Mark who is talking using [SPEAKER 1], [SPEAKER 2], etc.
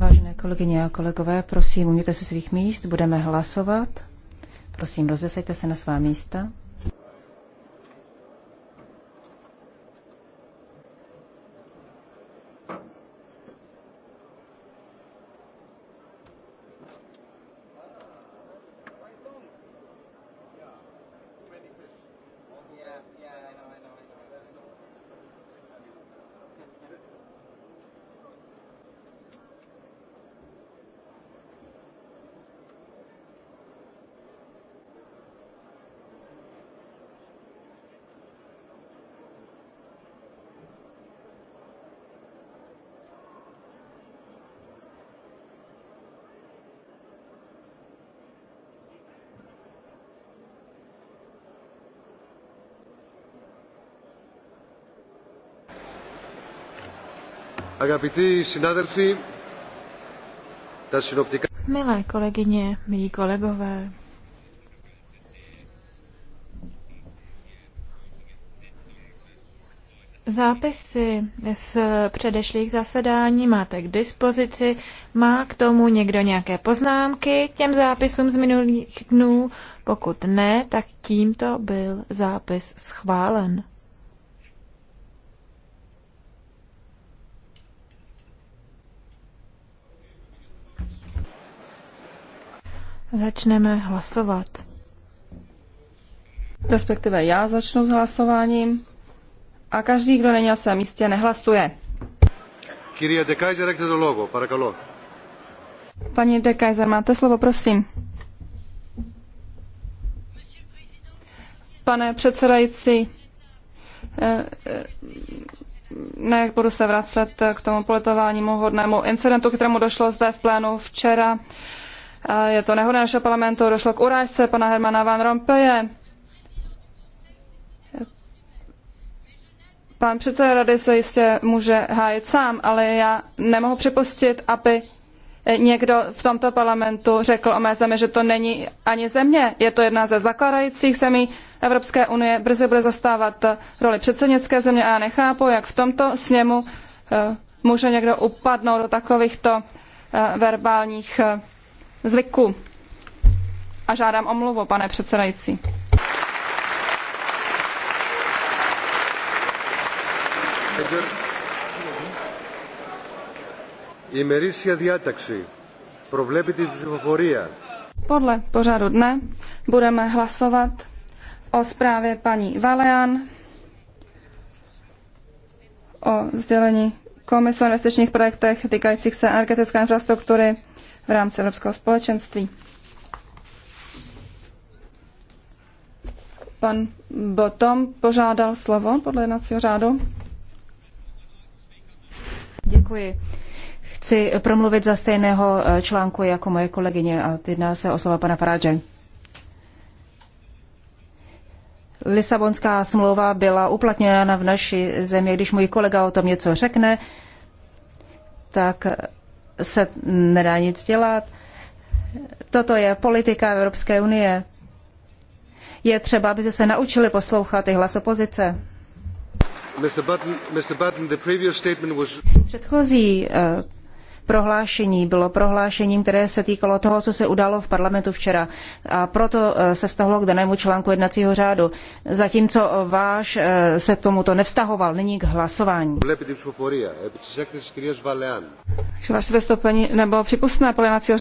[SPEAKER 1] Vážené
[SPEAKER 2] kolegyně a kolegové, prosím, umíte se svých míst, budeme hlasovat. Prosím, rozeseďte se na svá místa. yeah. Milé kolegyně, milí kolegové,
[SPEAKER 1] Zápisy z předešlých zasedání máte
[SPEAKER 2] k dispozici. Má k tomu někdo nějaké poznámky k těm zápisům z minulých
[SPEAKER 1] dnů? Pokud ne, tak tímto byl zápis schválen. Začneme hlasovat. Respektive já začnu s hlasováním a každý, kdo není na svém místě, nehlasuje. Kyrie de Kaiser, do logo, parakalo. Paní de Kaiser, máte slovo, prosím. Pane předsedající, eh, eh, ne, budu se vracet k tomu politovánímu hodnému incidentu, kterému došlo zde v plénu včera je to nehoda našeho parlamentu, došlo k urážce pana Hermana Van Rompeje. Pan předseda rady se jistě může hájit sám, ale já nemohu připustit, aby někdo v tomto parlamentu řekl o mé zemi, že to není ani země. Je to jedna ze zakladajících zemí Evropské unie. Brzy bude zastávat roli předsednické země a já nechápu, jak v tomto sněmu eh, může někdo upadnout do takovýchto eh, verbálních eh, zvyku. A žádám omluvu, pane předsedající. Podle pořadu dne budeme hlasovat o zprávě paní Valean, o sdělení Komise o investičních projektech týkajících se energetické infrastruktury v rámci Evropského společenství. Pan Botom požádal slovo podle jednacího řádu. Děkuji.
[SPEAKER 2] Chci promluvit za stejného eh, článku jako moje kolegyně a jedná se o slova pana Paradže. Lisabonská smlouva byla uplatněna v naší zemi. Když můj kolega o tom něco řekne, tak se nedá nic dělat. Toto je politika Evropské unie. Je třeba, aby se naučili poslouchat i hlas opozice.
[SPEAKER 1] Mr. Button, Mr. Button, was...
[SPEAKER 2] Předchozí eh, prohlášení bylo prohlášením, které se týkalo toho, co se událo v parlamentu včera. A proto e, se vztahlo k danému článku jednacího řádu. Zatímco váš e, se
[SPEAKER 1] tomuto nevztahoval, není k hlasování. Vaše vystoupení nebylo připustné